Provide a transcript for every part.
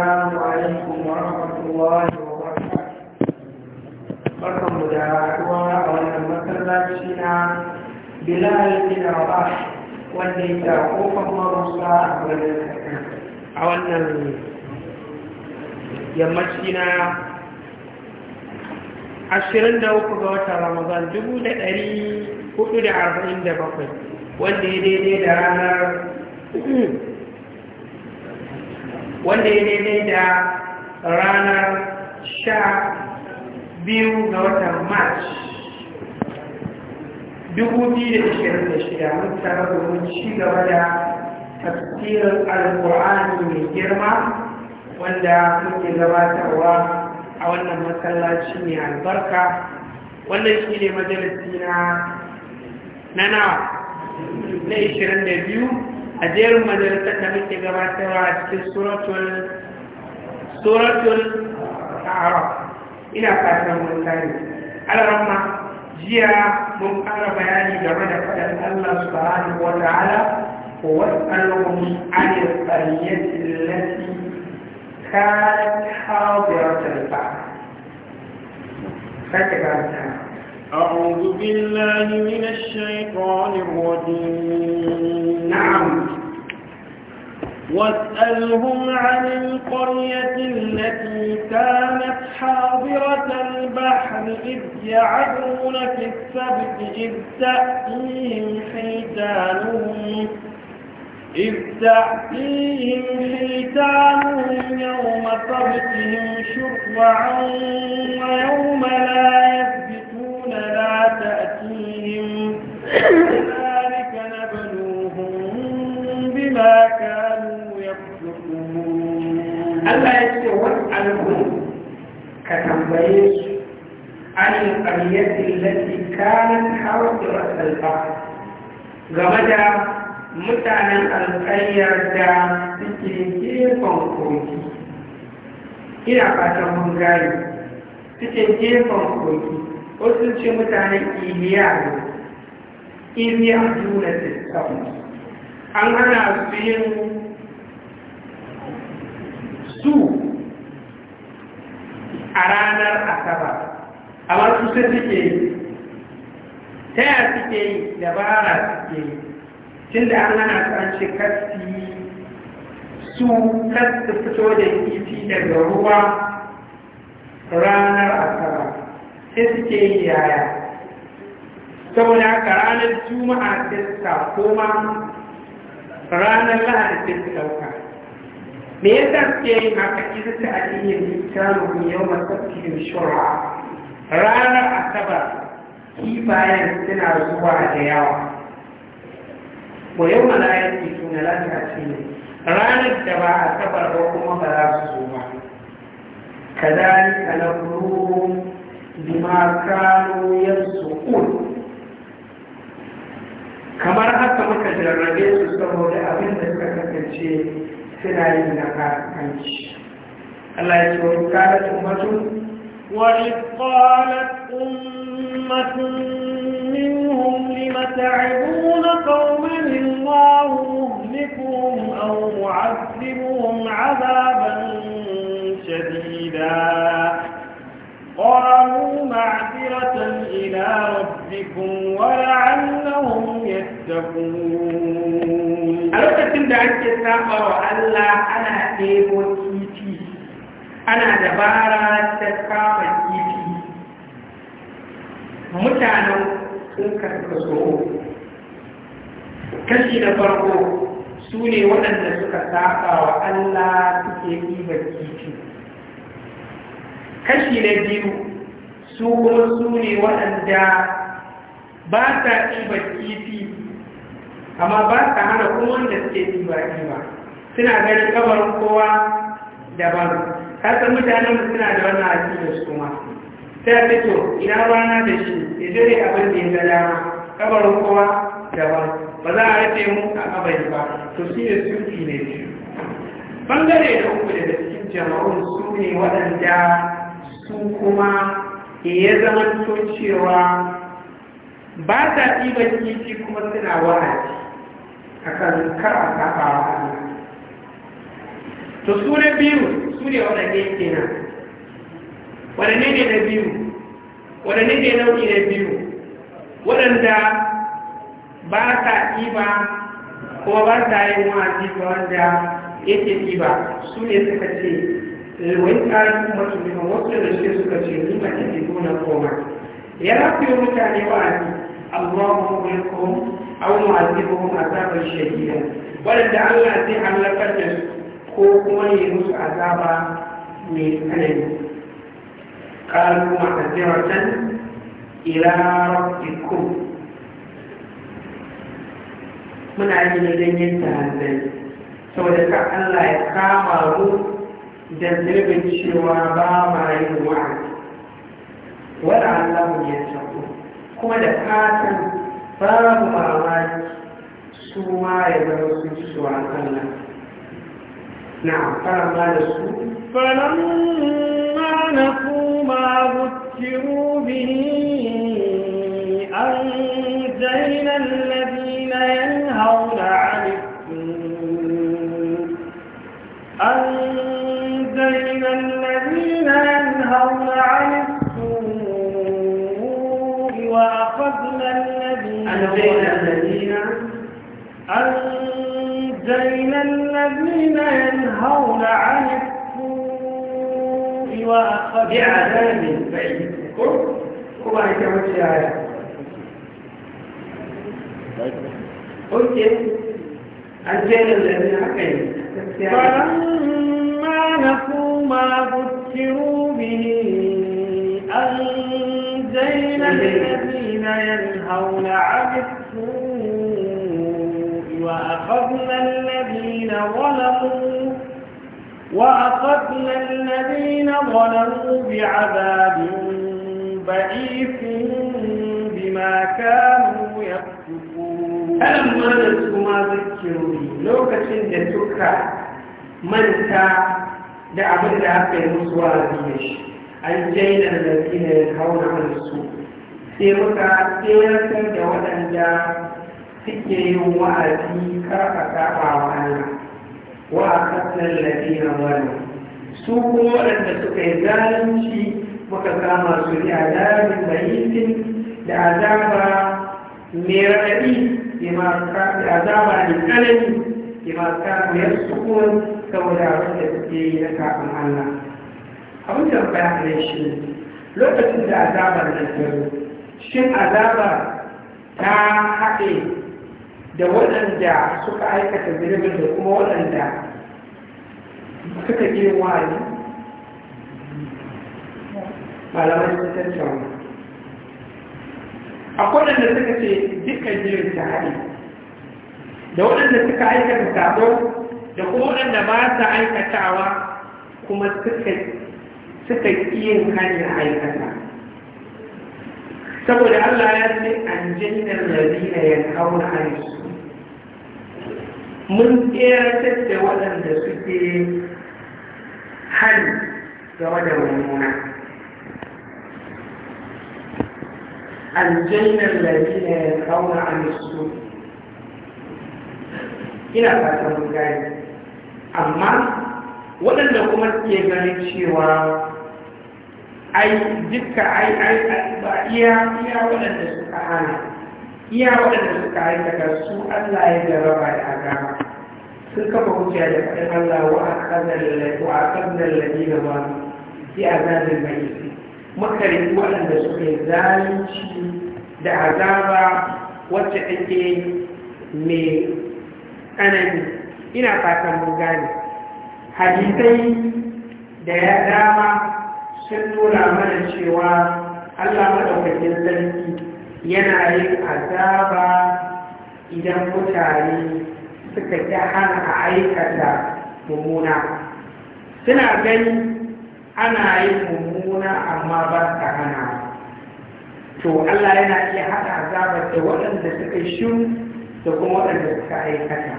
السلام عليكم ورحمة الله وبركاته barkan mu da haɗuwa a wannan masallaci na bilal bin rabah wanda ya ta kofar marusa a a wannan yammaci na 23 ga watan ramadan 1447 wanda ya da ranar wanda ya daidai da ranar sha biyu ga watan march 2026 mun tara domin ci gaba da tafsirin alkur'ani mai girma wanda muke gabatarwa a wannan matsalaci mai albarka wannan shi ne majalisi na na na 22 أدير مدرة النبي تقراتها في سورة ال... سورة الأعراف إلى فاتحة الثاني على رغم جيا مقارنة بياني جمعنا فلان الله سبحانه وتعالى واسألهم عن القرية التي كانت حاضرة البحر فاتحة الثاني أعوذ بالله من الشيطان الرجيم نعم واسألهم عن القرية التي كانت حاضرة البحر إذ يعدون في السبت إذ تأتيهم حيتانهم إذ تأتيهم حيتانهم يوم سبتهم شرعا ويوم لا يسبتهم تأتيهم كذلك نبلوهم بما كانوا يفسقون الله يسوى عنهم كتنبيش عن القرية التي كانت حاضرة البحر غمدا mutanen alƙaryar da suke gefen kogi ina fatan mun gari suke gefen kogi wasu mutane, mutanen iliya ne iliya juna sistan an hana su yin su a ranar asaba wasu su suke yi ta yi suke yi dabara suke yi tun da an hana su an ce kasti su kasta fito da iti daga ruwa ranar asaba sai suke yi yaya saboda haka ranar juma'a sai suka koma ranar lahadi sai su ɗauka me yasa suke yin haka kisa ta ta littafin yau masarkin shura ranar asabar kifayen suna zuwa da yawa ko yau na aiki suna lafiya ce ne ranar da ba asabar ba kuma ba za su zo ba kazalika lahum بما كانوا يسقون كما رأت مكة الربيع سبحانه وتعالى أبين ذلك كتنشي سنائي من أكاك الله يسوه قالت أمة وإذ قالت أمة منهم لم تعبون قوما الله مهلكهم أو معذبهم عذابا شديدا إلى ربكم ولعلهم يتقون ألوكتن da ake saba wa Allah ana ɗebo kifi ana dabara ta kafa kifi mutanen sun karkaso kashi na farko su ne waɗanda suka saba wa Allah suke ɗiba kifi kashi na biyu su kuma su ne waɗanda ba sa ɗiba kifi amma ba sa hana kuma wanda suke ɗiba ɗiba suna ganin kamar kowa daban kasan mutanen suna da wannan ajiye su ma sai a fito ina rana da shi ya jere abin da ya ga dama kamar kowa daban ba za a rufe mu a kabari ba to shi ne sufi ne shi bangare da uku daga cikin jama'un su ne waɗanda su kuma ya zama cewa ba ta ɗiban kifi kuma suna wa'azi a kan kara saba wa to su ne biyu su ne ke kenan waɗanne ne na biyu waɗanne ne nau'i na biyu waɗanda ba ta ɗiba kuma ba ta yin wa'azi ba wanda yake ɗiba su ne suka ce wani ƙarin wasu liman wasu da suke suka ce lima ta ke nuna koma ya rafiyo mutane wa'azi Allahu mulkum aw mu'adzibuhum azaban shadida wanda Allah zai halakar da su ko kuma ya musu azaba mai tsanani qalu ma'aziratan ila rabbikum muna yi ne don yin ta'azzari saboda ka Allah ya kama mu da cewa ba ma yin wa'azi wani allahu ya tafi kuma da fatan babu mamaki su ma ya zama sun ci suwa allah na fara da su فلما نسوا ما ذكروا به أنجينا الذين ينهون عن السوء من الذين ينهون عن السوء وأخذنا الذين أنزلنا الذين ينهون عن السوء وأخذنا بعذاب بعيد كما يتوجه قلت فلما نسوا ما ذكروا به أنجينا الذين ينهون عن السوء وأخذنا الذين ظلموا وأخذنا الذين ظلموا بعذاب بئيس بما كانوا ɗan manar su ma zikirori lokacin da suka manta da abin da aka yi musu wa'azi da shi an jaina da da ya kawo na su sai muka tseratar da waɗanda suke yin wa'azi kar a saba wa Allah wa a kasar lafiya wani su kuma waɗanda suka yi zalunci muka kama su da azabin bayitin da azaba mai raɗaɗi bima ka azaba ne tsanani bima ka yasukun saboda da suke yi na kafin Allah abin da ba ne shi lokacin da azabar nan ta shin azaba ta haɗe da waɗanda suka aikata zirbin da kuma waɗanda suka ƙi wani malamai sun tattauna akwai waɗanda suka ce dukkan jirin ta haɗe da waɗanda suka aikata sabo da kuma waɗanda ba sa aikatawa kuma suka yin hanyar aikata saboda Allah ya ce an jinnar lalina ya kawo hanyar mun tseratar da waɗanda suke hari gaba da mummuna anjayna alladhina yanhauna 'anil su ina fatan mun gane amma waɗanda kuma ke ganin cewa ai iya iya waɗanda suka iya waɗanda suka aikata su Allah ya jaraba da azaba sun kafa hujja da faɗin Allah wa akadar lalai wa akadar lalai da ba a azabin mai muka waɗanda suke zalunci da azaba wacce take mai tsanani ina fatan mun gane hadisai da ya dama sun nuna mana cewa allah maɗaukakin sarki yana yin azaba idan mutane suka ta hana a aikata mummuna suna gani ana yin mummuna amma ba ta hana to Allah yana iya haɗa azabar da waɗanda suka shiru da kuma waɗanda suka aikata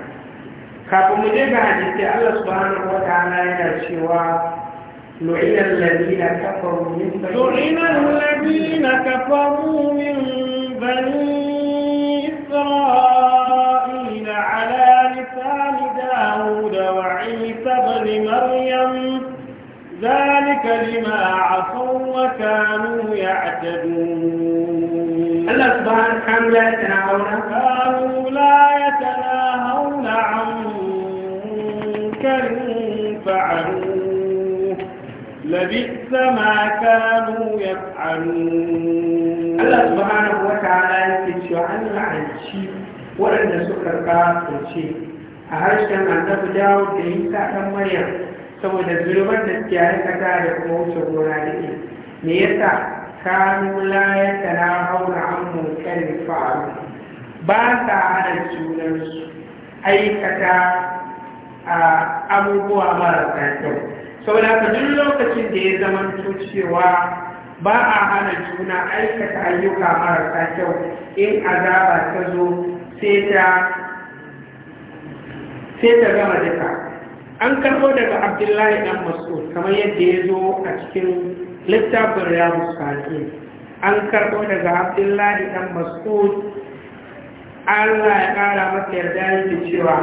kafin mu je ga hadisi Allah subhanahu wa ta'ala yana cewa لعن الذين كفروا من بني لعن الذين كفروا من بني إسرائيل على لسان داود وعيسى بن مريم ذلك لما عصوا وكانوا يعتدون الله سبحانه لا يتناهون كانوا لا يتناهون عن منكر فعلوه لبئس ما كانوا يفعلون الله سبحانه وتعالى يكتشف عن الشيء وأن سكر قاسم شيء أهرشنا أن تبدأ وتعيسى مريم saboda zunuban da suke aikata da kuma wuce gona da ke me yasa kanu la ya hau haura an munkarin faru, ba sa hana su aikata a abubuwa marasa kyau saboda ka duk lokacin da ya zama cewa ba a hana juna aikata ayyuka marasa kyau in azaba ta zo sai ta gama duka an karɓo daga abdullahi dan mas'ud kamar yadda ya zo a cikin littafin riyadu salihin an karbo daga abdullahi dan mas'ud Allah ya kara masa yarda yake cewa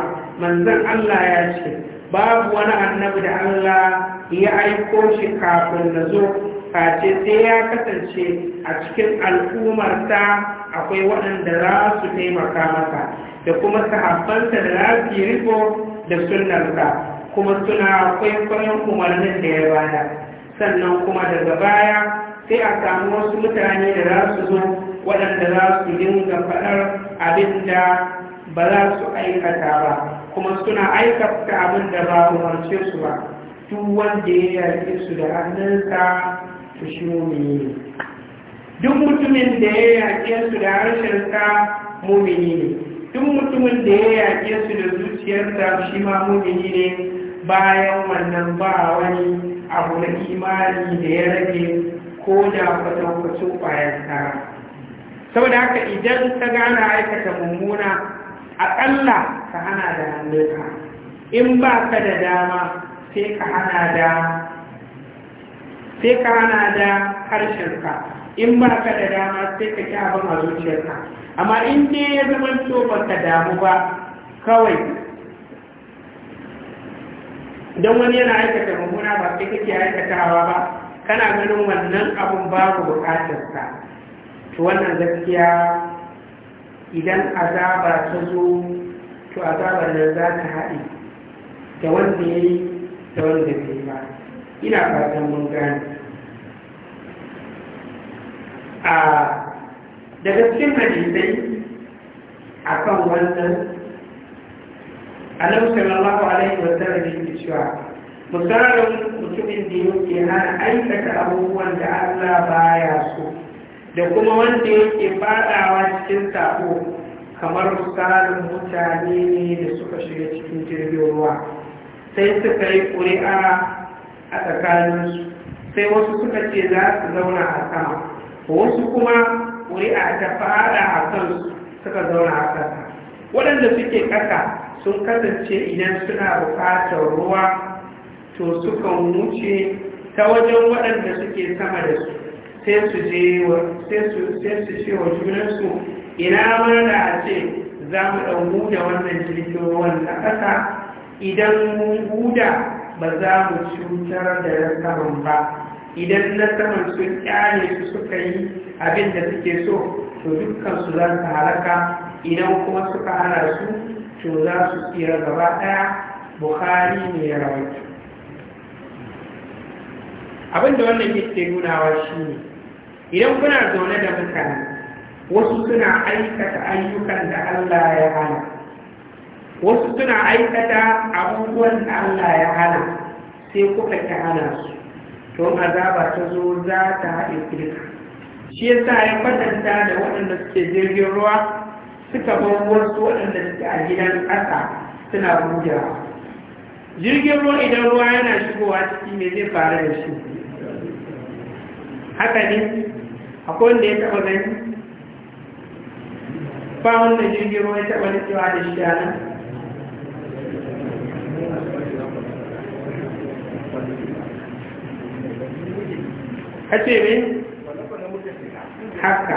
manzon Allah ya ce babu wani annabi da Allah ya aiko shi kafin na zo face sai ya kasance a cikin al'ummarsa akwai waɗanda za su taimaka masa da kuma sahabbanta da za su yi riko da sunnarsa kuma suna kwaikwayon umarnin da ya bada sannan kuma daga baya sai a samu wasu mutane da za su zo waɗanda za su dinga faɗar abin da ba za su aikata ba kuma suna aikata abin da ba umarce su ba duk wanda ya yaƙe su da hannunsa su shi mumini duk mutumin da ya yaƙe su da harshensa mumini ne duk mutumin da ya yaƙe su da zuciyarsa shi ma mumini ne bayan wannan ba wani abu na imani da ya rage ko da kwatankwacin ƙwayar tara saboda haka idan ta gana aikata mummuna aƙalla ka hana da hannunka in ba ka da dama sai ka hana da sai ka hana da harshenka in ba ka da dama sai ka ƙi abin a zuciyarka amma in dai ya zama to ka damu ba kawai don wani yana aikata mummuna ba sai kake aikatawa ba kana ganin wannan abun babu ka to wannan gaskiya idan azaba ta zo to azabar nan za ta haɗe da wanda ya yi da wanda bai ba ina fatan mun gane a ah, daga cikin hadisai akan wannan annabi sallallahu alaihi wa sallam yake cewa misalin mutumin da yake hana aikata abubuwan da Allah baya so da kuma wanda yake fadawa cikin sako kamar misalin mutane ne da suka shiga cikin jirgin ruwa sai suka yi ƙuri'a a tsakaninsu sai wasu suka ce za su zauna a sama wasu kuma ƙuri'a ta fada a kansu suka zauna a kasa, waɗanda suke ƙasa sun kasance idan suna bukatar ruwa to suka wuce ta wajen waɗanda suke sama da su sai su ce wa junansu ina ma da a ce za mu ɗan huda wannan jirgin ruwan na ƙasa idan mun huda ba za mu cutar da na saman ba idan na saman sun kyale su suka yi abin da suke so to dukkansu za su halaka idan kuma suka hana su to za su tsira gaba ɗaya bukari ne ya rawaita abinda wannan yake wa shi ne idan kuna zaune da mutane wasu suna aikata ayyukan da allah ya hana wasu suna aikata abubuwan da allah ya hana sai kuka ta hana su don azaba ta zo za ta haɗe kirka shi yasa ya kwatanta da waɗanda suke jirgin ruwa suka bar wasu waɗanda suke a gidan ƙasa suna bujewa jirgin ruwa idan ruwa yana shigowa ciki mai zai faru da shi haka ne akwai wanda ya taɓa gani ba wanda jirgin ruwa ya taɓa nutsewa da shi a nan a ce ne haka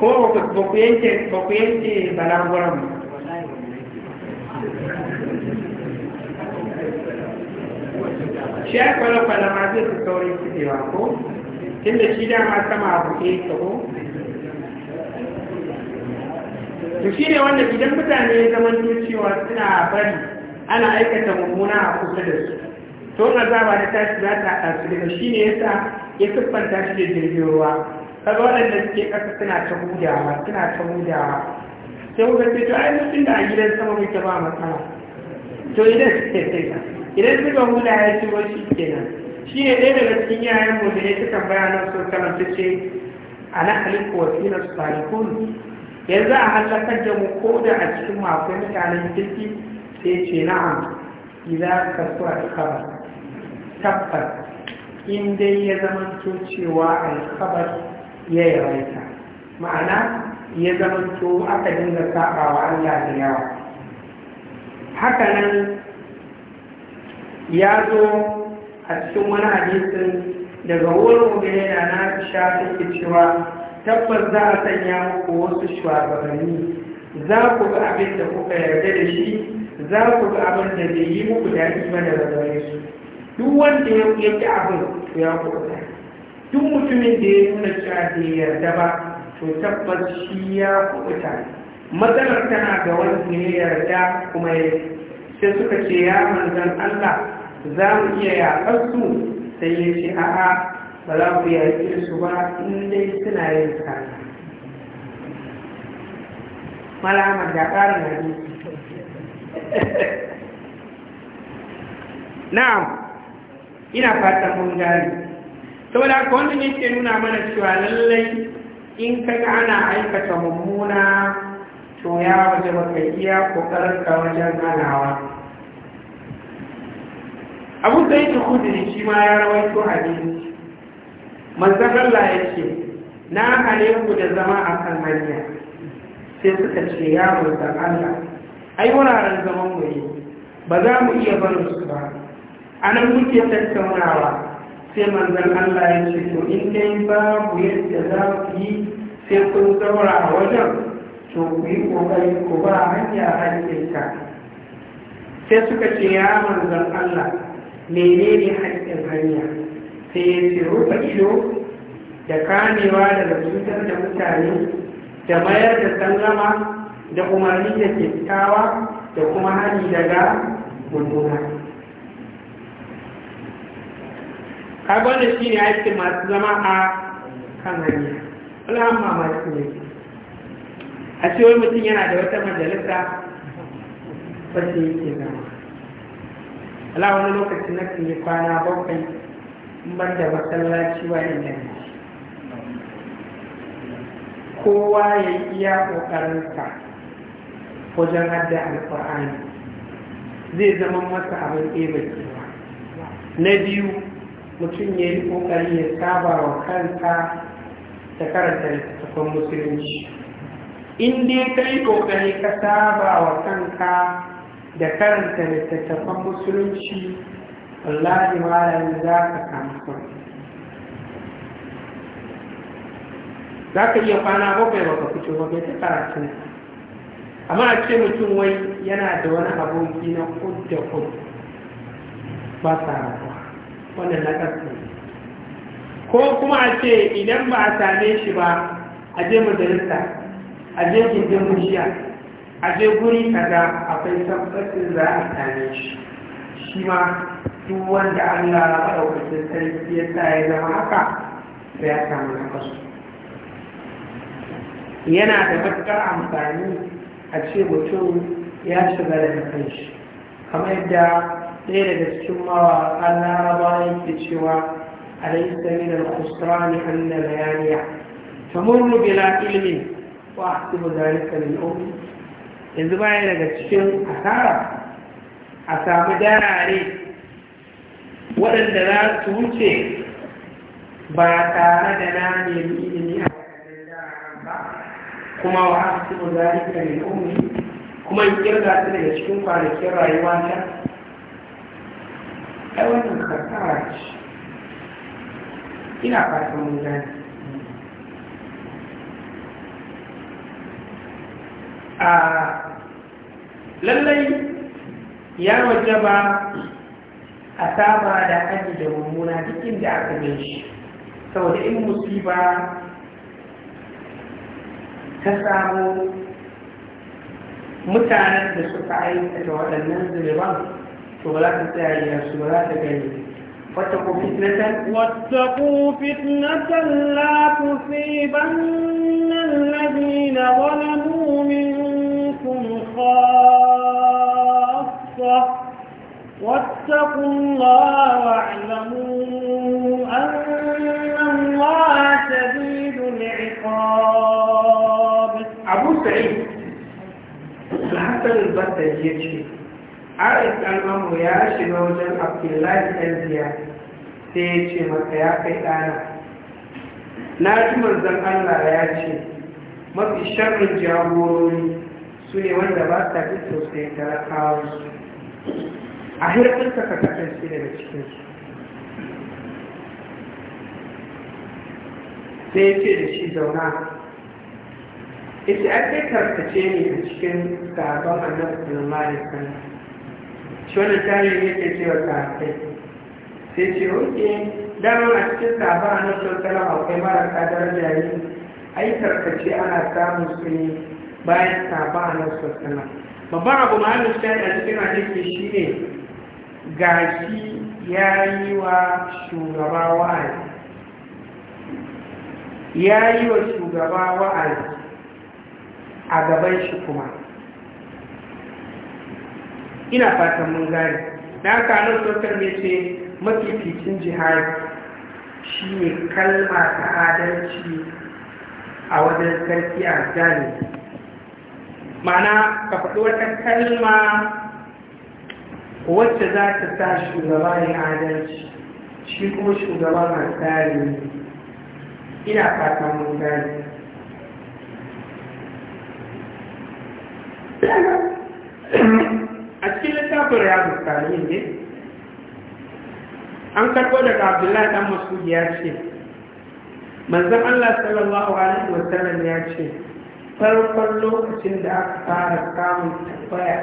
ko ba ku yanke ba ku yanke sanar gurin shi ya kwallo-kwallo ma zai fi saurin fitewa ko tun da shi dama sama abu ke yi ko to shi ne wanda idan mutane ya zama cewa suna bari ana aikata mummuna a kusa da su to na zaba da tashi za ta haɗa su daga shi ne yasa ya siffanta shi da jirgin ruwa kaga waɗanda suke ƙasa suna ta hudawa suna ta hudawa sai kuka ce to ai mutum da a gidan sama muke ba matsala to idan suke sai idan suka huda ya ci wani shi kenan shi ne ɗaya daga cikin yayan mu da ya ci tambaya nan so sama ta ce ana halittu wasilar salihun yanzu a halakar da mu ko da a cikin makon mutanen kirki sai ce na'am idan ka so a tabbas tabbas in dai ya zama zamanto cewa alkabar ya yawaita ma'ana ya zama to aka dinga saba wa Allah da yawa Haka nan ya zo a cikin wani hadisin daga wurin ubere da na sha take cewa tabbas za a sanya muku wasu shugabanni za ku ga abin da kuka yarda da shi za ku ga abin da bai yi muku daɗi ba daga gare su duk wanda ya ƙi abin ya kuɓuta duk mutumin da ya nuna cewa bai yarda ba to tabbas shi ya kubuta matsalar tana ga wanda ya yarda kuma ya sai suka ce ya manzan Allah za mu iya yaƙar su sai ya ce a'a ba za ku yaƙi su ba in dai suna yin ta malamar da ƙarin hadisi na'am ina fatan mun gari saboda haka wannan yake nuna mana cewa lallai in ka ana aikata mummuna to ya waje baka iya kokarin ka wajen ganawa abu sai ta kudiri shi ma ya rawaito hadisi manzon ya ce na hane da zama a kan hanya sai suka ce ya manzon Allah ai wuraren zaman mu ba za mu iya barin su ba a nan muke tattaunawa sai manzan Allah ya ce to in dai babu yadda za ku yi sai kun zaura a wajen to ku yi kokari ku ba hanya haƙƙinka sai suka ce ya manzan Allah menene haƙƙin hanya sai ya ce rufe ido da kamewa daga cutar da mutane da mayar da sallama da umarni da kyakkyawa da kuma hani daga gudunar kaga wannan shine aikin masu zama a kan hanya alhamma mamaki ne a ce wani mutum yana da wata majalisa wacce yake zama ala wani lokaci na kan yi kwana bakwai in ban da masallaci wa inda ne kowa ya yi iya ƙoƙarinsa wajen hadda alƙur'ani zai zama masa abin ɗebe na biyu mutum ya yi kokari ya saba wa kanka da karanta littattafan musulunci in dai ka yi kokari ka saba wa kanka da karanta littattafan musulunci wallahi malami za ka kama kwan. za ka iya kwana bakwai ba ka fito ba bai ta karatu amma a ce mutum wai yana da wani aboki na kudda da ba sa wannan na ko kuma a ce idan ba a same shi ba a je majalisa a je gindin mushiya a je guri kaza akwai tabbacin za a same shi shi ma duk wanda allah ya ɗaukacin sarki ya sa ya zama haka sai ya samu na kasu yana da matuƙar amfani a ce mutum ya shiga da shi, kamar yadda ɗaya daga cikin mawa mawaƙa laraba yake cewa da da kusurani al-khusrani anna Ta tamurru bila ilmin wa cikin zari min umri yanzu baya daga cikin asara a samu darare waɗanda za su wuce ba tare da na nemi ilimi a wajen dararen ba kuma wa cikin dhalika min umri kuma in kirga su daga cikin kwanakin rayuwa ta ai wannan karkara ce ina fatan mun gani a lallai ya ba a saba da aji da mummuna duk inda aka gan shi saboda in musiba ta samu mutanen da suka daga waɗannan zunuban شغلات التاعية شغلات كريمة واتقوا فتنة واتقوا فتنة لا تصيبن الذين ظلموا منكم خاصة واتقوا الله واعلموا أن الله شديد العقاب أبو سعيد الحسن البدر يجري haris al'amu ya shiga wajen abdullahi ɗan ziya sai ya ce maka ya kai ɗana na ji manzan allah ya ce mafi sharrin jagorori su ne wanda ba sa fi sosai da talakawa su a hirkin ka kasance daga cikinsu sai ya ce da shi zauna ita ake karkace ne a cikin sabon annabi sallallahu alaihi wasallam shi wani tari ke cewa sahabbai sai ce oke damar a cikin sabon a nan sautara akwai marasa daraja ne ai tarkace ana samun su ne bayan sabon a nan sautara babban abu ma'anin shayi a cikin hadisi shi ne gashi ya yi wa shugaba wa'azi ya yi wa shugaba wa'azi a gaban shi kuma ina fatan mun gane da aka nan sosar ne ce fitin jihar shi ne kalma ta adalci a wajen sarki a gane mana ka faɗi wata kalma wacce za ta sa shugaba ne adalci shi kuma shugaba na tsari ina fatan mun gane Thank you. a cikin littafin riyadu salihin ne an karɓo daga abdullahi dan masudi ya ce manzon Allah sallallahu alaihi wasallam ya ce farkon lokacin da aka fara samun tabbaya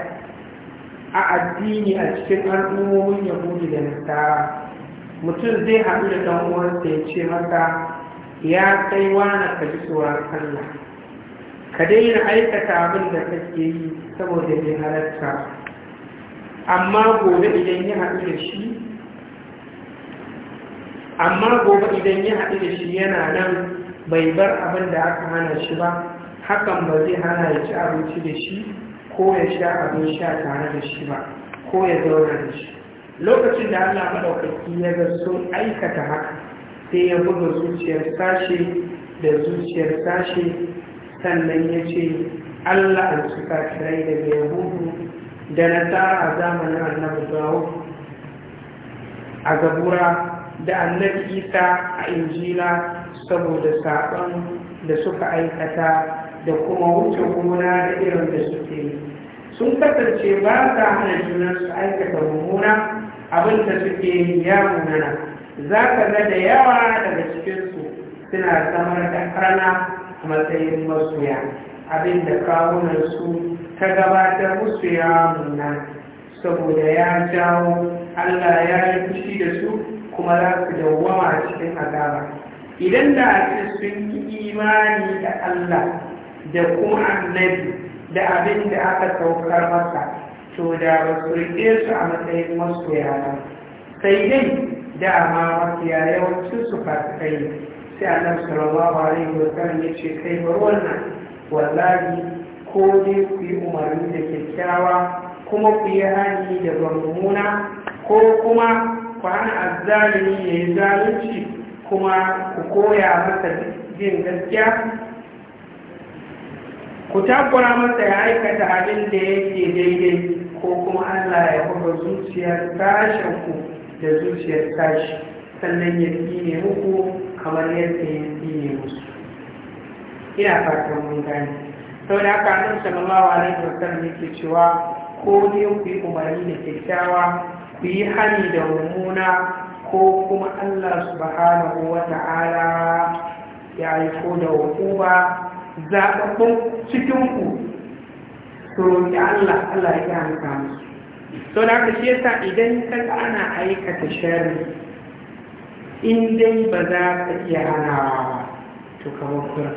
a addini a cikin al'ummomin yahudi da nasara mutum zai haɗu da ɗan uwansa ya ce masa ya kai wani ka ji tsoron Allah ka daina aikata abin da kake yi saboda bai halarta amma gobe idan ya haɗu da shi amma gobe idan ya haɗu da shi yana nan bai bar abin da aka hana shi ba hakan ba zai hana ya ci abinci da shi ko ya sha abin sha tare da shi ba ko ya zauna da shi lokacin da allah maɗaukaki ya ga sun aikata haka sai ya buga zuciyar sashe da zuciyar sashe sannan ya ce allah an suka kafirai daga yahudu da na a zamanin annabi dawo a gabura, da annabi isa a injila saboda saƙon da suka aikata da kuma wuce gona da irin da suke yi sun kasance ba sa hana junan su aikata mummuna abin da suke yi ya munana za ka ga da yawa daga cikinsu suna samar da rana a matsayin masoya abin da kawunan su ka gabatar musu ya muna saboda ya jawo Allah ya yi fushi da su kuma za su dawama a cikin azaba idan da a sun yi imani da Allah da kuma annabi da abin da aka saukar masa to da ba su riƙe su a matsayin masoya ba sai dai dama mafiya yawancin su fasikai sai annabi sallallahu alaihi wa sallam ya ce kai bar wannan wallahi ko dai ku yi umarni da kyakkyawa kuma ku yi hali da mummuna ko kuma ku hana azzalimi ya yi zalunci kuma ku koya masa jin gaskiya ku takura masa ya aikata abin da yake daidai ko kuma allah ya kuma zuciyar tashin ku da zuciyar tashi sannan ya tsine muku kamar yadda ya tsine musu ina fatan mun gani sau da haka annabi sallallahu alaihi wasallam yake cewa ko ne ku yi umarni da kyakkyawa ku yi hani da mummuna ko kuma Allah subhanahu wa ta'ala ya yi ko da hukuma zaɓaɓɓun cikinku to roƙi Allah Allah ya kyanta musu to da haka shi yasa idan ka ana aikata sharri in dai ba za ka iya hanawa to kamar kura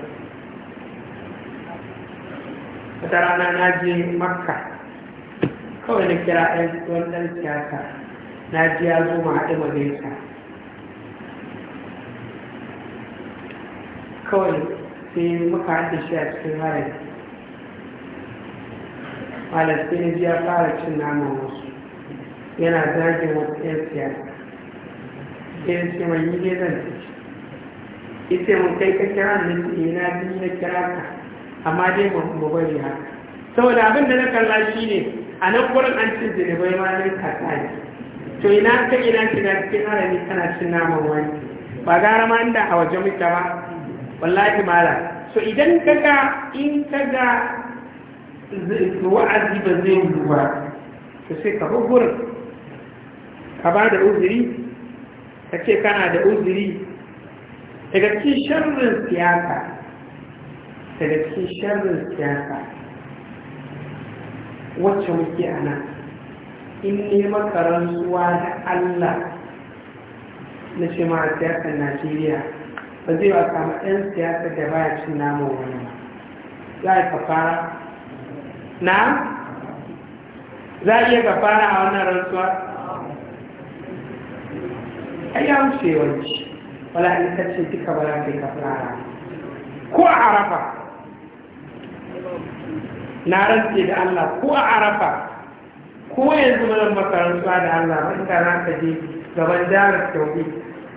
wata rana na je makka kawai na kira wani ɗan siyasa na ji ya zo ma haɗu magaisa kawai sai muka haɗe shi a cikin harin palestini ya fara cin naman wasu yana zagin wasu 'yan siyasa sai ce mai yi zan ci ita mun kai ka kira ne eh, na biyu na kira ka amma dai mu bari ha saboda abin da na kalla shi ne a nan gurin an cin bai ma nan kasa ne to ina ka ina shiga cikin harami kana cin naman wani ba gara ma inda a waje muke ba wallahi mala so idan ga in ka ga wa'azi ba zai yi ba to sai ka gurin ka ba da uzuri ka ce kana da uzuri daga cikin sharrin siyasa daga cikin sharrin siyasa wacce muke a nan in neman karantuwa da allah na ce ma a siyasar najeriya ba zai ba samu ɗan siyasa da baya cin namun wani ba za a kafara na za a iya kafara a wannan rantsuwa a yi amshewanci wala in ka ce duka ba za ka yi ko a arafa na rantse da Allah ko a arafa ko yanzu mazan makarantuwa da Allah ita ta ka je gaban jarar tauri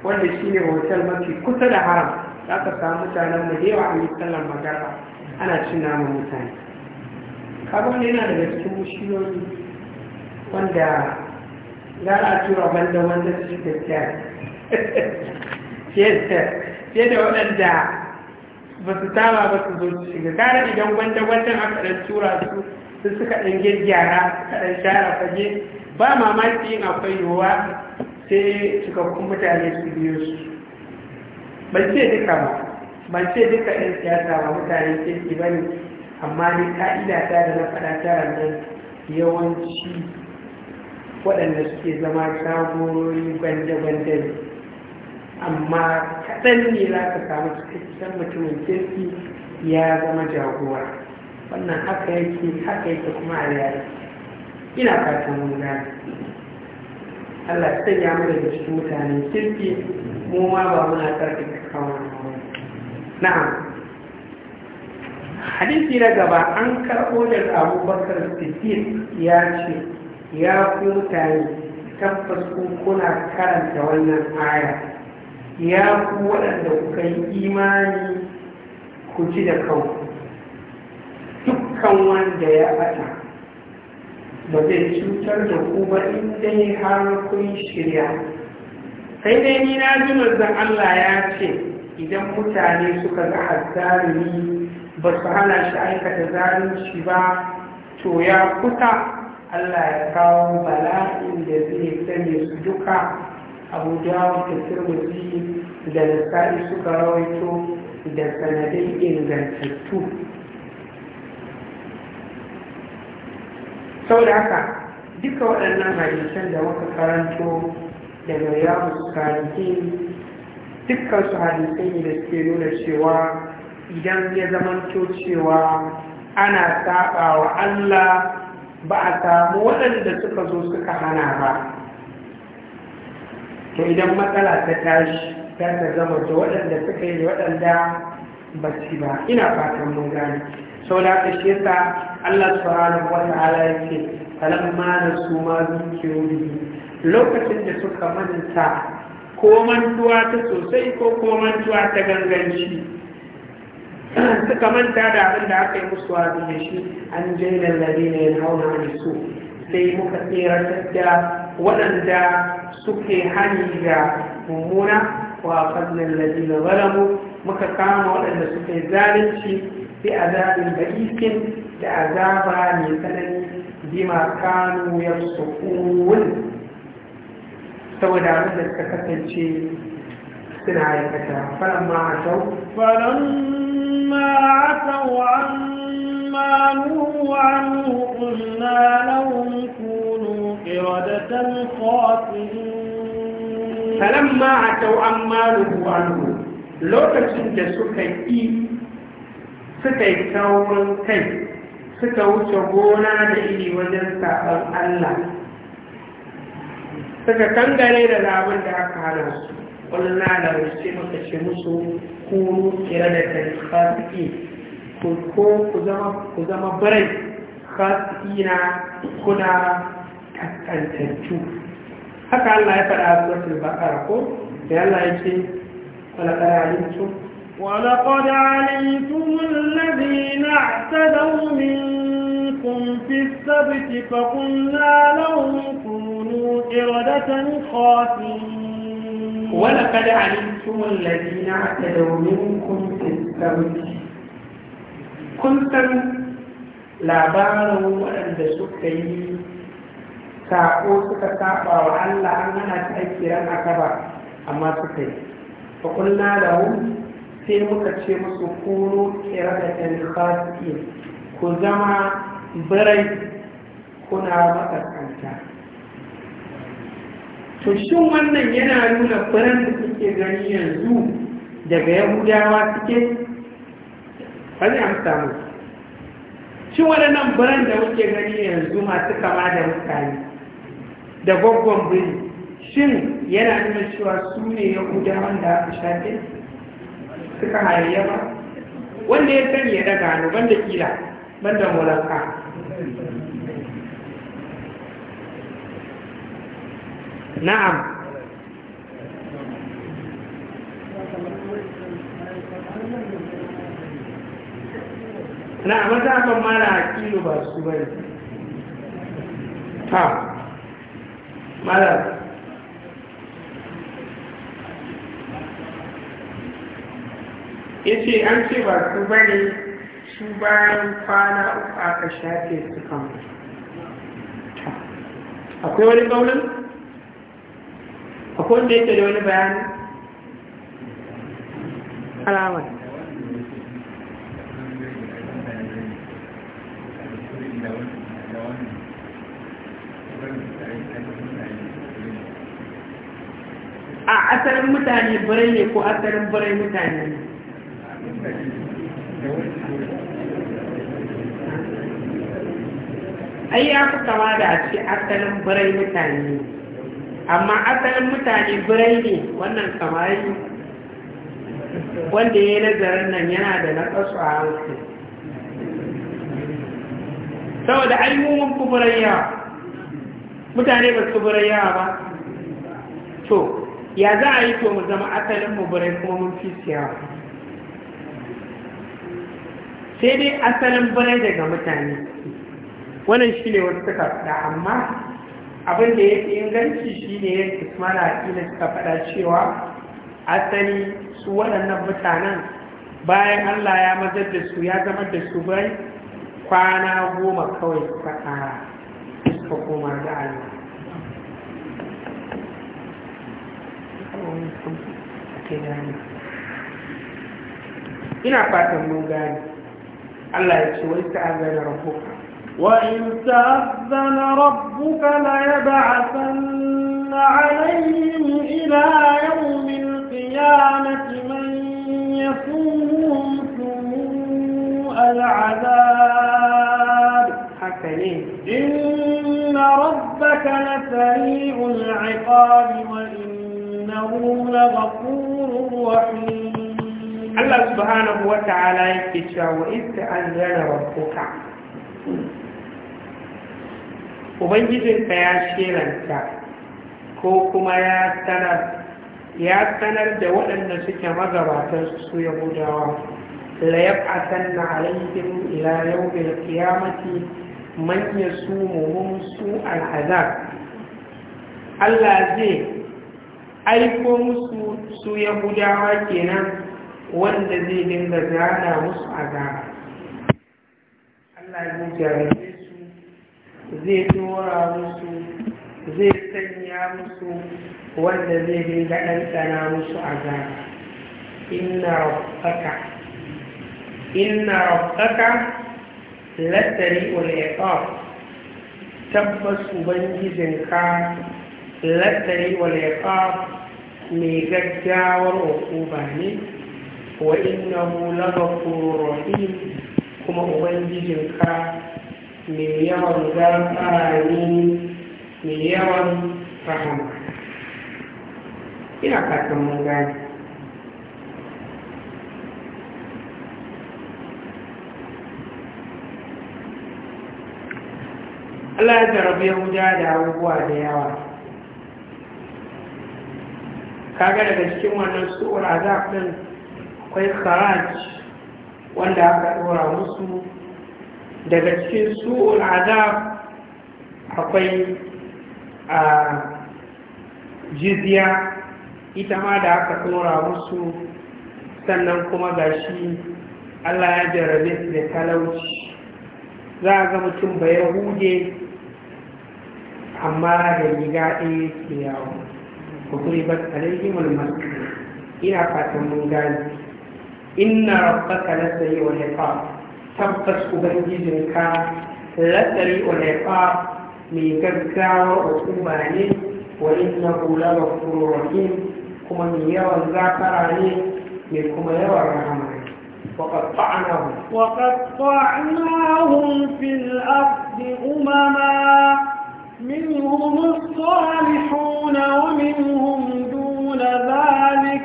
wanda shi ne hotel mafi kusa da haram za ka samu mutanen mu da yawa a misalar magana ana cin naman mutane kabon yana daga cikin mushiyoyi wanda za a tura banda wanda su suka fiye da waɗanda ba su taba ba su zo su shiga gara idan gwanda-gwandan aka ɗan tura su su suka ɗan gyaggyara suka ɗan shara fage ba mamaki yin akwai yiwuwa sai cikakkun mutane su biyo su ban ce duka ba ban ce duka ɗan siyasa ba mutane ke ki ba ne amma dai ka'ida ta da na faɗa ta nan yawanci waɗanda suke zama shagorori gwanda-gwanda amma kaɗan ne za ka samu cikakken mutumin kirki ya zama jagora wannan haka yake haka yake kuma a yare ina fatan mun Allah ta ya mu daga cikin mutanen kirki mu ma ba muna tsarkake kawai na'am hadisi na gaba an karɓo da abubakar siddiq ya ce ya ku mutane tabbas kuna karanta wannan aya ya ku waɗanda kuka yi imani ku ci da kawo dukkan wanda ya ɓata ba zai cutar da ku ba in dai har kun shirya sai dai ni na ji manzon Allah ya ce idan mutane suka ga hazzarumi ba su hana shi aikata zalunci ba to ya kusa Allah ya kawo bala'in da zai sanya su duka abu dawud da tirmidhi da nasa'i suka rawaito da sanadai ingantattu sau da haka duka waɗannan hadisan da muka karanto daga yawon karanti dukkan su hadisai da suke nuna cewa idan ya zamanto cewa ana saba wa Allah ba a samu waɗanda suka zo suka hana ba to idan matsala ta tashi ta ta zama da waɗanda suka yi waɗanda ba su ba ina fatan mun gane sau da aka shi yasa Allah subhanahu wata ta'ala ya ce ma da su ma zuciyo lokacin da suka manta ko mantuwa ta sosai ko ko mantuwa ta ganganci suka manta da abin da aka yi musu wazi da shi an jainar lalina ya hauna mai su sai muka tseratar da waɗanda suke hani da mummuna wa fadlan ladina zalamu muka kama waɗanda suke zalunci bi azabin ba'isin da azaba mai tsanani bima kanu yafsukun saboda abin da suka kasance suna aikata falamma asau falamma asau ما نهوا عنه قلنا لهم كونوا قردة خاسئين فلما عتوا عما نهوا عنه lokacin da suka yi suka yi taurin kai suka wuce gona da iri wajen saɓon Allah suka kangare da labin da aka hana su ƙulna da wuce muka ce musu kuru kira da tarifasiki ko ku zama barai khasina kuna kaskantattu haka Allah ya faɗa a suratul baqara ko da Allah yake wala qara'aytu ولقد علمتم الذين اعتدوا منكم في السبت فقلنا لهم كونوا إرادة خاسرين ولقد علمتم الذين اعتدوا منكم في السبت kun san labarin waɗanda suka yi saƙo suka saɓa wa Allah an hana shi aiki ran akaba amma suka yi fa kunna lahu sai muka ce musu da ɗan fasiki ku zama birai kuna makasanta to shin wannan yana nuna furen da suke gani yanzu daga yahudawa suke bari amsa mu shi waɗannan biran da muke gani yanzu masu kama da mutane da gwaggon biri shin yana nuna cewa su ne ya yahudawan da aka shafe suka hayayya ba wanda ya sani ya daga hannu banda kila banda mulaka na'am na mazaɓan mara kilo ba su bai ha mara ya ce an ce ba su bane su bayan kwana uku aka shafe su kan akwai wani ƙaunin? akwai wanda yake da wani bayani alamar a asalin mutane birai ne ko asalin birai mutane ne ai ya fi kama da a ce asalin birai mutane amma asalin mutane birai ne wannan kamari wanda ya yi nazarin nan yana da na ƙasu a hausa saboda ayyumin kuburar yawa mutane ba su kuburar yawa ba to ya za a yi to mu zama asalin mu bare kuma mun fi siyawa sai dai asalin bare daga mutane wannan shi ne wasu suka faɗa amma abin da ya fi inganci shi ne ya yadda ismaila ina suka faɗa cewa asali su waɗannan mutanen bayan allah ya mazar da su ya zama da su bai kwana goma kawai suka koma ke gani ina fatan mun gani Allah ya ce wai rabbuka وإن تأذن ربك ليبعثن عليهم إلى يوم القيامة من يسومهم سوء العذاب حكيم إن ربك لسريع العقاب وإن إنه لغفور رحيم الله سبحانه وتعالى يكتشى وإذ تأذن ربك Ubangijinka ya shelanta ko kuma ya sanar da waɗanda suke magabatar su Yahudawa la yab'athanna alaihim ila yawmil qiyamati man yasumuhum su'al azab Allah zai aiko musu su yahudawa kenan wanda zai dinga zana musu azaba Allah zai jarabe su zai tora musu zai sanya musu wanda zai dinga ɗanɗana musu azaba Ina rabbaka ina rabbaka latari ul iqab tabbas ubangijinka latari ul iqab mai gaggawar ba ne wa innahu laghafurur rahim kuma ubangijinka mai yawan gafara mai yawan rahama ina fatan mun gani Allah ya jarabi da abubuwa da yawa kaga daga cikin wannan suwar azab din akwai kharaj wanda aka dora musu daga cikin su'ul azab akwai a jiziya ita ma da aka dora musu sannan kuma gashi Allah ya jarabe su da talauci za a ga mutum bai huge amma da riga ɗaya ke yawon وضربت عليهم المسجد إلى من قال إن ربك والعقاب العقاب تبقى أبنجزك لسري والعقاب من جزاء وعقوبة وإنه لغفور رحيم كما من يرى الذاكر عليه من كما يرى طعناهم وقطعناهم وقطعناهم في الأرض أمما منهم الصالحون ومنهم دون ذلك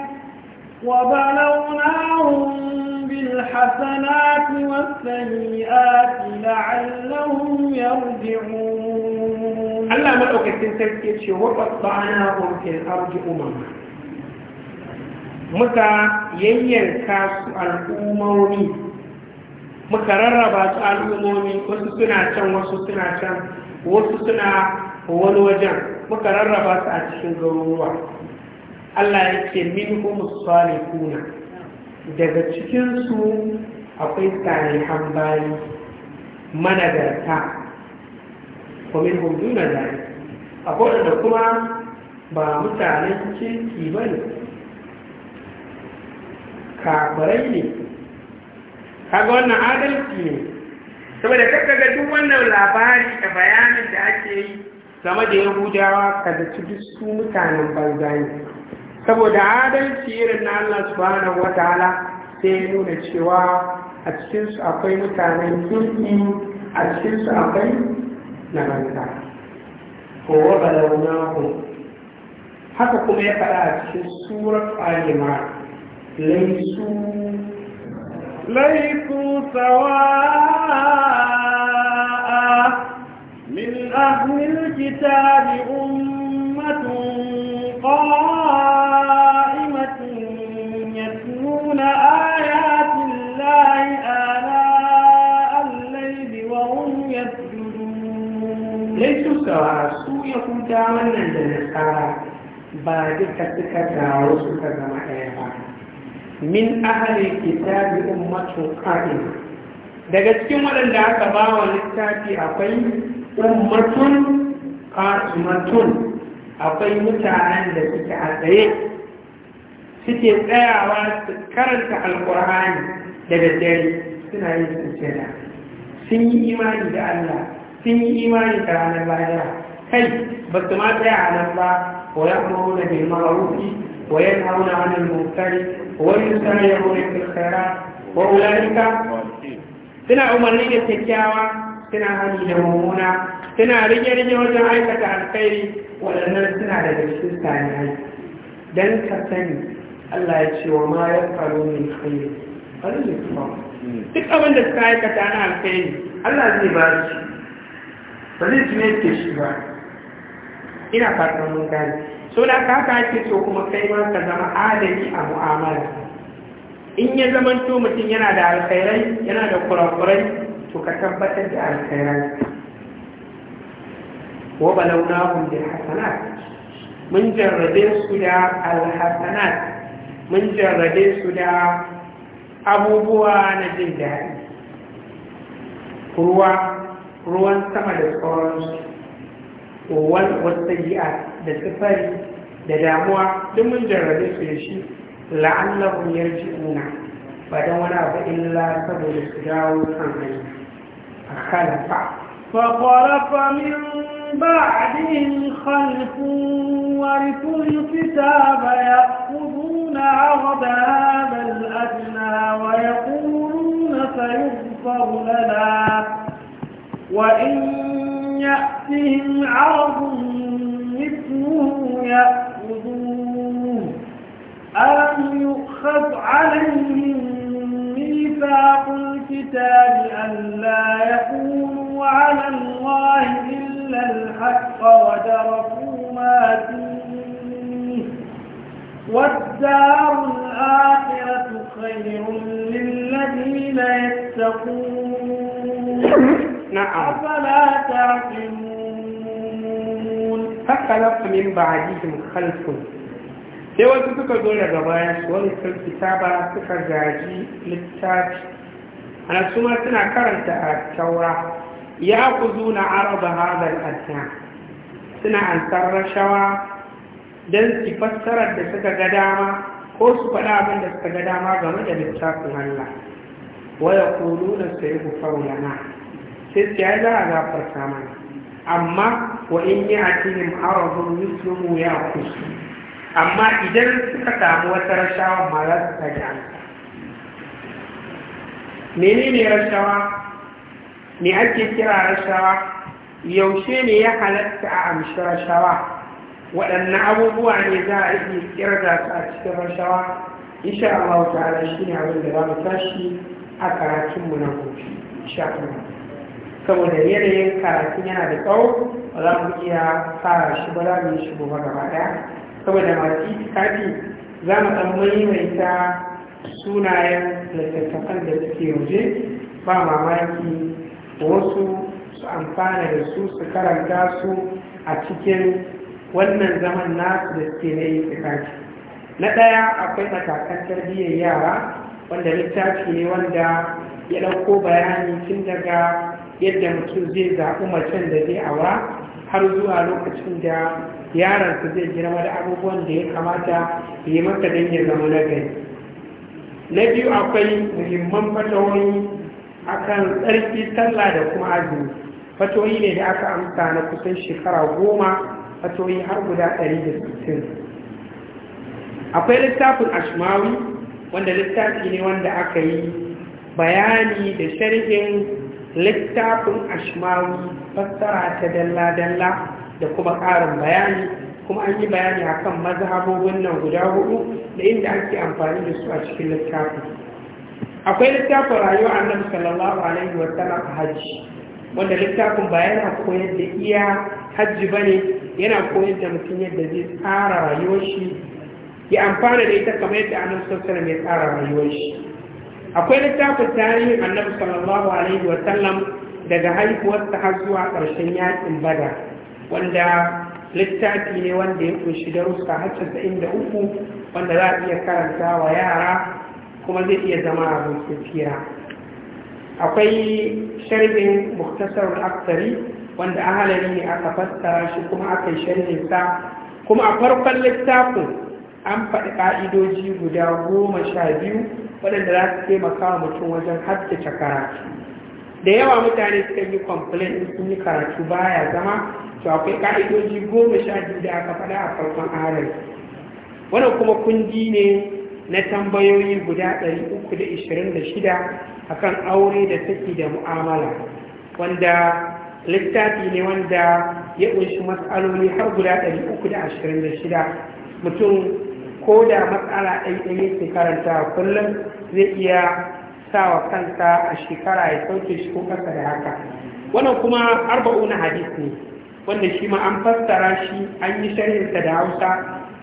وبلوناهم بالحسنات والسيئات لعلهم يرجعون الله ملوك التنسكت وقطعناهم في الأرض أمما متى yayyanka كاس الأمومي متى رربت الأمومي al'ummomi wasu wasu suna wani wajen muka rarraba su a cikin garuruwa Allah ya ce min kuma kuna daga cikinsu akwai salihan bayi managarta kwamin hundu na zai akwai da kuma ba mutanen kirki ba ne kabarai ne kaga wannan adalci ne saboda kakka ga duk wannan labari da bayanin da ake yi game da yahudawa ka da duk su mutanen banza ne saboda adalci irin na Allah subhanahu wataala sai ya nuna cewa a cikinsu akwai mutanen kirki a cikinsu akwai na banza kowa ba launahun haka kuma ya faɗa a cikin surat alimar laisu ليسوا سواء من أهل الكتاب أمة قائمة يتلون آيات الله آلاء الليل وهم يسجدون ليسوا سواء سوء يكون تعمل عند النصارى بعد كتكة عروسك زمان min ahalin kitabi ummatun qa'im daga cikin waɗanda aka ba wa littafi akwai ummatun qa'imatun akwai mutanen da suke a tsaye suke tsayawa su karanta alƙur'ani daga dare? suna yin sujjada sun yi imani da Allah sun yi imani da ranar lahira kai ba su ma tsaya a nan ba ko ya wa da bil ma'ruf وينهون عن المنكر ويسارعون في الخيرات وأولئك سنة أمرني التكاوى سنة هني لهمونا سنة رجال جوجا عيكة الخير ولأننا سنة لبشي سانعي دن كسن الله يتشي وما يفعلوا من خير فلن duk abin da suka aikata na alkhairi Allah zai ba shi ba zai tume ke shi ba ina fatan mun gane suna da haka ake so kuma kai ma ka zama adali a mu'amala in ya zama to mutum yana da alkhairai yana da kurakurai to ka tabbatar da alkhairai wa balawnahum bil hasanat mun jarrabe su da alhasanat mun jarrabe su da abubuwa na jin daɗi ruwa ruwan sama da tsoron sauransu wasu sayi'a da sifari da damuwa duk mun jarrabe su da shi la'allahum yarji'una ba dan wani abu illa saboda su dawo kan hanya akhalafa fa qalafa min ba'dihim khalfun warithu al-kitaba ya'khuduna 'arada hadha al-adna wa yaquluna sayughfar lana wa in ya'tihim 'arabun مثله يأخذوه ألم يؤخذ عليهم ميثاق الكتاب أن لا يقولوا على الله إلا الحق ودرسوا ما فيه والدار الآخرة خير للذين يتقون نعم. أفلا تعقلون fakalafu min ba'dihim khalfun sai wasu suka zo daga baya su wani sun ba suka gaji littafi ana su ma suna karanta a taura ya ku zuna araba hadal adna suna ansar rashawa don su fassarar da suka ga dama ko su faɗa abin da suka ga dama game da littafin Allah waya kulu da sai ku faulana sai yi za a gafarta mana amma wa in yi atihim arazun muslimu ya kusu amma idan suka samu wata rashawa ma za su tafi an mene ne rashawa me ake kira rashawa yaushe ne ya halatta a amshi rashawa waɗannan abubuwa ne za a iya kirga su a cikin rashawa insha Allah ta'ala shine abin da za mu tashi a karatunmu na gobe insha Allah saboda yanayin karatun yana da tsawo ba za mu iya fara shi ba za mu yi shi gobe gaba ɗaya saboda masu kafi za mu ɗan ta sunayen littattafan da suke waje ba mamaki wasu su amfana da su su karanta su a cikin wannan zaman nasu da suke na itikafi na ɗaya akwai matakan tarbiyyar yara wanda littafi ne wanda ya ɗauko bayani tun daga yadda mutum zai zaɓi macen da zai aura har zuwa lokacin da yaransa zai girma da abubuwan da ya kamata yi maka don ya zama na gari na biyu akwai muhimman fatawoyi akan tsarki talla da kuma azumi fatawoyi ne da aka amsa na kusan shekara goma fatawoyi har guda ɗari da sittin akwai littafin ashmawi wanda littafi ne wanda aka yi bayani da sharhin littafin ashmawi fassara ta dalla-dalla da kuma ƙarin bayani kuma an yi bayani a kan mazhabobin nan guda hudu da inda ake amfani da su a cikin littafin akwai littafin rayuwa annabi sallallahu alaihi wa sallam hajji wanda littafin ba yana koyar da iya hajji bane yana koyar da mutum yadda zai tsara rayuwar shi ya amfana da ita kamar yadda annabi sallallahu alaihi wa sallam ya tsara rayuwar shi akwai littafin tarihin annabi sallallahu alaihi wa sallam daga haihuwarsa har zuwa ƙarshen yakin bada wanda littafi ne wanda ya kunshi darussa har casa'in da uku wanda za a iya karanta wa yara kuma zai iya zama abokin fira akwai sharhin muktasar aktari wanda ahalari ne aka fassara shi kuma aka yi sharhin sa kuma a farkon littafin an faɗi ƙa'idoji guda goma sha biyu waɗanda za su taimaka wa mutum wajen haddace karatu da yawa mutane suka yi in sun yi karatu baya zama to akwai ka'idoji goma sha biyu da aka faɗa a farkon aran wannan kuma kundi ne na tambayoyi guda 326 akan aure da saki da mu'amala wanda littafi ne wanda ya ƙunshi matsaloli har guda 326 mutum ko da matsala ɗaiɗai su karanta kullum zai iya sawa kansa a shekara ya sauke shi ko kasa da haka wannan kuma arba'u na hadis ne wanda shi ma an fassara shi an yi sharhinsa da hausa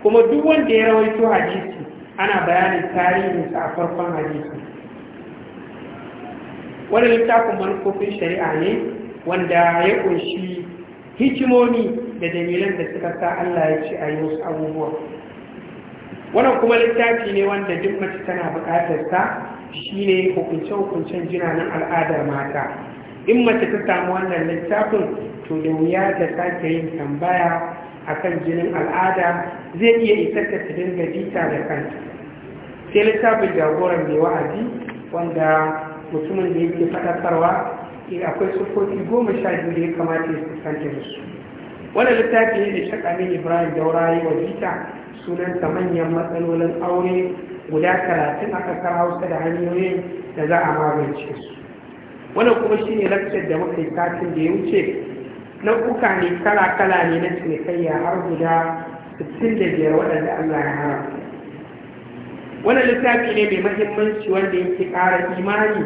kuma duk wanda ya rawaito hadisi ana bayanin tarihinsa a farkon hadisi wani littafin manufofin shari'a ne wanda ya ƙunshi hikimomi da dalilan da suka sa Allah ya ci a yi wasu abubuwa wannan kuma littafi ne wanda duk mace tana buƙatar sa shine hukunce-hukuncen jinanan al'adar mata in mace ta samu wannan littafin to da wuya ta sake yin tambaya kan jinin al'ada zai iya isar ta ta dinga jita da kanta sai littafin jagoran mai wa'azi wanda mutumin da yake faɗakarwa eh, akwai sufofi goma sha biyu da ya kamata ya fuskanta da su wannan littafi ne da shakamin ibrahim daura yi wa jita Sunan ta manyan matsalolin aure guda talatin a ƙasar hausa da hanyoyin da za a magance su wannan kuma shi ne lakcar da muka yi satin da ya wuce na kuka ne kala-kala ne na cinikayya har guda 65 waɗanda allah ya hana wannan littafi ne mai mahimmanci wanda yake ƙara imani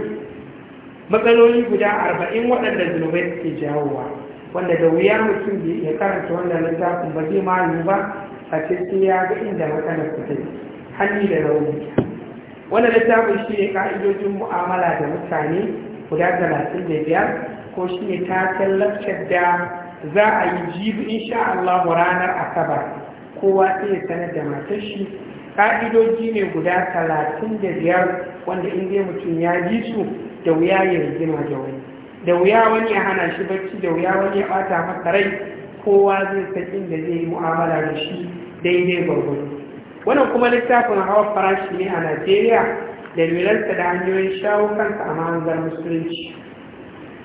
matsaloli guda 40 waɗanda zunubai suke jawowa wanda da wuya mutum ya karanta wannan littafin ba zai malu ba a cikin ya ga inda matsalar take hanni da rauni wannan littafin shi ne ka'idojin mu'amala da mutane guda talatin da biyar ko shi ne taken lafcar da za a yi jibi insha Allah ranar asabar kowa sai ya sanar da matar shi ka'idoji ne guda talatin da biyar wanda in zai mutum ya ji su da wuya ya rigima da wani da wuya wani ya hana shi bacci da wuya wani ya bata masa rai kowa zai san inda zai yi mu'amala da shi daidai gwargwado wannan kuma littafin hawa farashi ne a najeriya da dalilansa da hanyoyin shawo kansa a mahanzar musulunci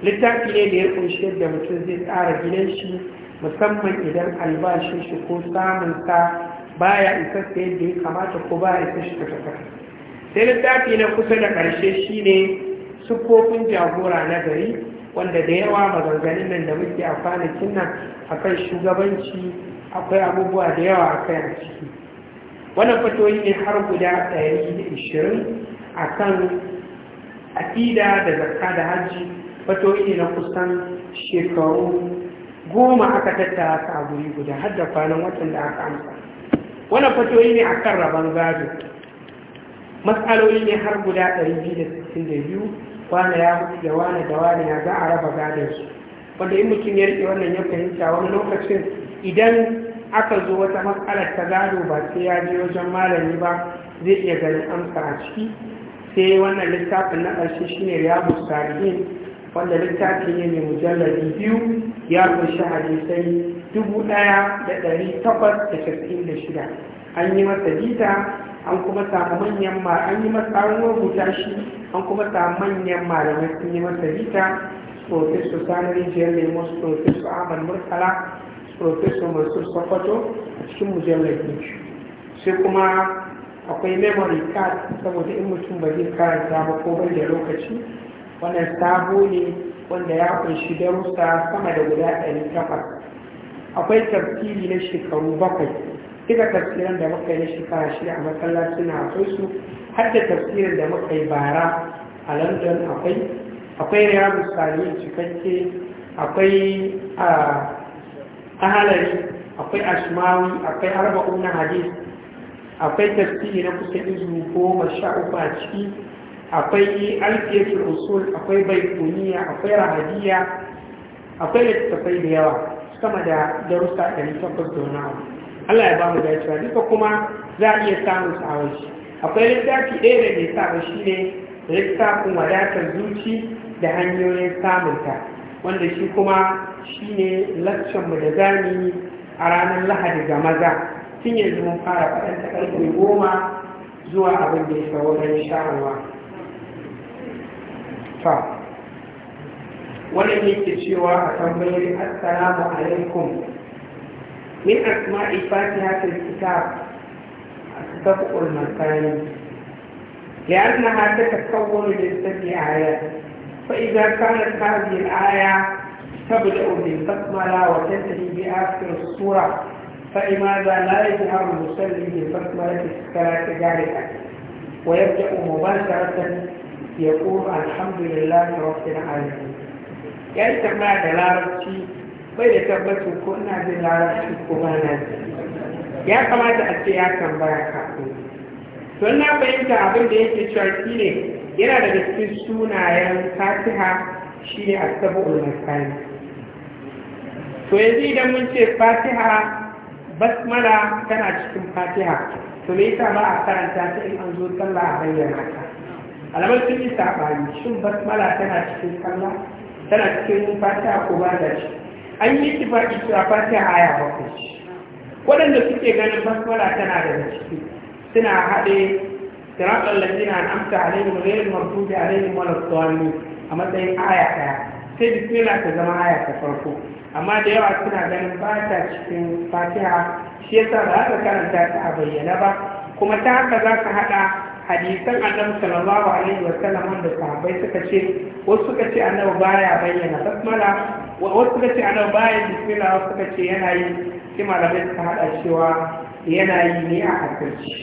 littafi ne da ya kunshi yadda mutum zai tsara gidan shi musamman idan albashin shi ko samun baya isa sai yadda ya kamata ko ya isa shi kasa sai littafi na kusa da ƙarshe shine siffofin jagora na gari wanda da yawa maganganun nan da muke a kwanakin nan akan shugabanci akwai abubuwa da yawa a kai a ciki wannan fatoyi ne har guda 120 a kan aƙida da zarka da hajji fatoyi ne na kusan shekaru goma aka tattara su a guri guda har da kwanan watan da aka amsa wannan fatoyi ne a kan rabon gado matsaloli ne har guda 262 wane ya fi da wane da wane ya za a raba gadon su wanda in mutum ya rike wannan ya fahimta wani lokacin idan aka zo wata matsalar ta gado ba sai ya je wajen malami ba zai iya ganin amsa a ciki sai wannan littafin na ƙarshe shine ya salihin wanda littafi ne mai biyu ya kunshi hadisai dubu ɗaya da ɗari takwas da casa'in da shida an yi masa bita an kuma samu manyan ma an yi masa an rubuta shi an kuma samu manyan malamai sun yi masa rita profesor sani rijiyar lemos profesor ahmad murtala profesor masu sokoto a cikin mujallar biyu sai kuma akwai memory card saboda in mutum ba zai karanta ba ko bai da lokaci wannan sabo ne wanda ya kunshi darussa sama da guda ɗari takwas akwai tafsiri na shekaru bakwai Kika tafsirin da muka yi na shekara shida a masallacin na akwai su har da tafsirin da muka yi bara a london akwai akwai ya sani cikakke akwai a ahalari akwai ashmawi akwai arba'un na hadis akwai tafsiri na kusa izu goma sha uku a ciki akwai alfiyatul usul akwai baikuniya akwai rahadiya akwai littattafai da yawa sama da darussa da da wani abu Allah ya ba mu dacewa duka kuma za a iya samun tsawon shi akwai littafi ɗaya da ke sa shi ne littafin wadatar zuci da hanyoyin samunta wanda shi kuma shi ne mu da zami a ranar lahadi ga maza tun yanzu mun fara faɗan ta ƙarfe goma zuwa abin da ya sauran sha'awa ta wannan yake cewa a tambayoyi assalamu alaikum من أسماء فاتحة الكتاب الصدق المكان لأنها تتكون من ست آيات فإذا كانت هذه الآية تبدأ بالبسملة وتنتهي بآخر السورة فلماذا لا يظهر المسلم بالبسملة في جارحة ويبدأ مباشرة يقول الحمد لله رب العالمين يعني كما دلالة bai da tabbacin ko ina jin larabci ko ba na ji ya kamata a ce ya tambaya kafin don na fahimta abin da yake cewa shi ne yana daga cikin sunayen fatiha shi ne asabu ulmasani to yanzu idan mun ce fatiha basmala tana cikin fatiha to me yasa ba a karanta ta in an zo sallah a bayyana ta alamar sun yi sabani shin basmala tana cikin sallah tana cikin fatiha ko ba da shi an yi tifaki cewa fatiha aya bakwai waɗanda suke ganin fasfara tana da ciki suna haɗe siraɓar lantina an amsa alaihim gairin marfufi alaihim tsawani a matsayin aya ɗaya sai bismillah ta zama aya ta farko amma da yawa suna ganin ba ta cikin fatiha shi yasa ba za ka karanta ta a bayyana ba kuma ta haka za ka haɗa hadisan annabi sallallahu alaihi wa sallam da sahabbai suka ce wasu suka ce annabi baya bayyana basmala wasu suka ce annabi baya bismila wasu suka ce yana yi sai malamai suka hada cewa yana yi ne a hakarci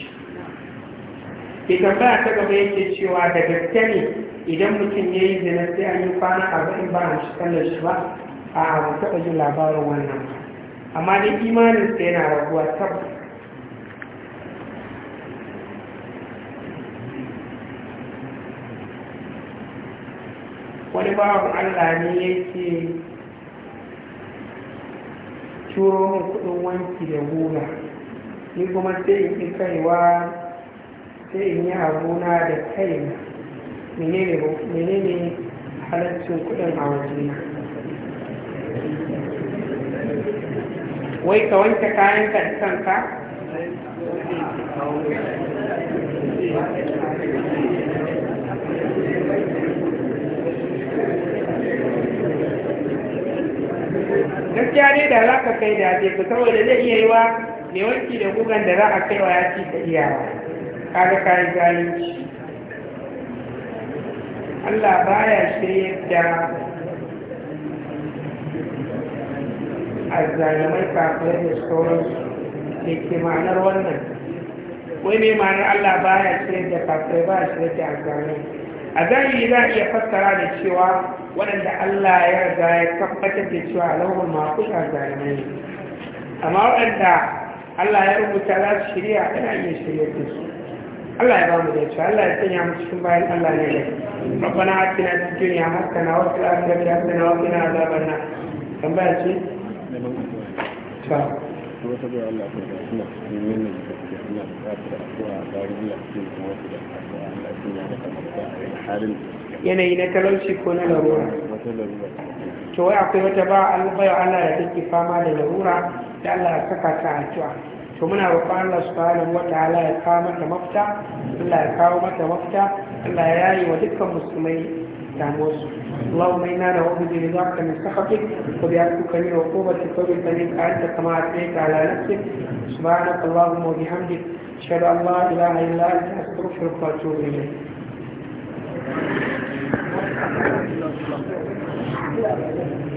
ke tambaya ta gaba yake cewa da gaske ne idan mutum ya yi zina sai an yi kwana arba'in ba a shi kallon shi ba a ba taɓa jin labarin wannan amma dai imaninsa yana raguwa tabbas wani bawan allah ne yake turo kuɗin kudin wanki da hula ni kuma sai in yi kaiwa sai in yi abuna da kaina menene halittun kudin a wajena wai ka wanke kayan ka kanka gaskiya dai da za ka kai da ce ku saboda zai iya yi wa mai wanki da gugan da za a kai wa ya ci ta iyawa kaga ka yi zalunci Allah baya shirye da azzalimai kafin da sauransu da ke ma'anar wannan wai mai ma'anar Allah baya shirye da kafin ba shirye da azzalimai a zahiri za a iya fassara da cewa waɗanda Allah ya riga ya tabbatar da cewa lauhul mahfuz azzalimai ne amma waɗanda Allah ya rubuta za su shirya ana iya shirya da su Allah ya ba mu da cewa Allah ya sanya mu cikin bayan Allah ne da rabbana atina fid dunya hasana wa fil akhirati hasana wa qina azaban nar tambaya ce ta Allah suna da suna Allah da Allah ya sanya maka mafita a halin yanayi na talauci ko na larura to wai akwai wata ba albayo Allah da take fama da larura da Allah ya saka ta addu'a to muna roƙon Allah subhanahu wataala ya kawo mata mafita Allah ya kawo mata mafita Allah ya yayi wa dukkan musulmai damuwarsu اللهم انا نعوذ برضاك من سخطك وبعفوك من عقوبتك وبالطريق انت كما اثنيت على نفسك سبحانك اللهم وبحمدك اشهد ان لا اله الا انت استغفرك واتوب اليك Thank you.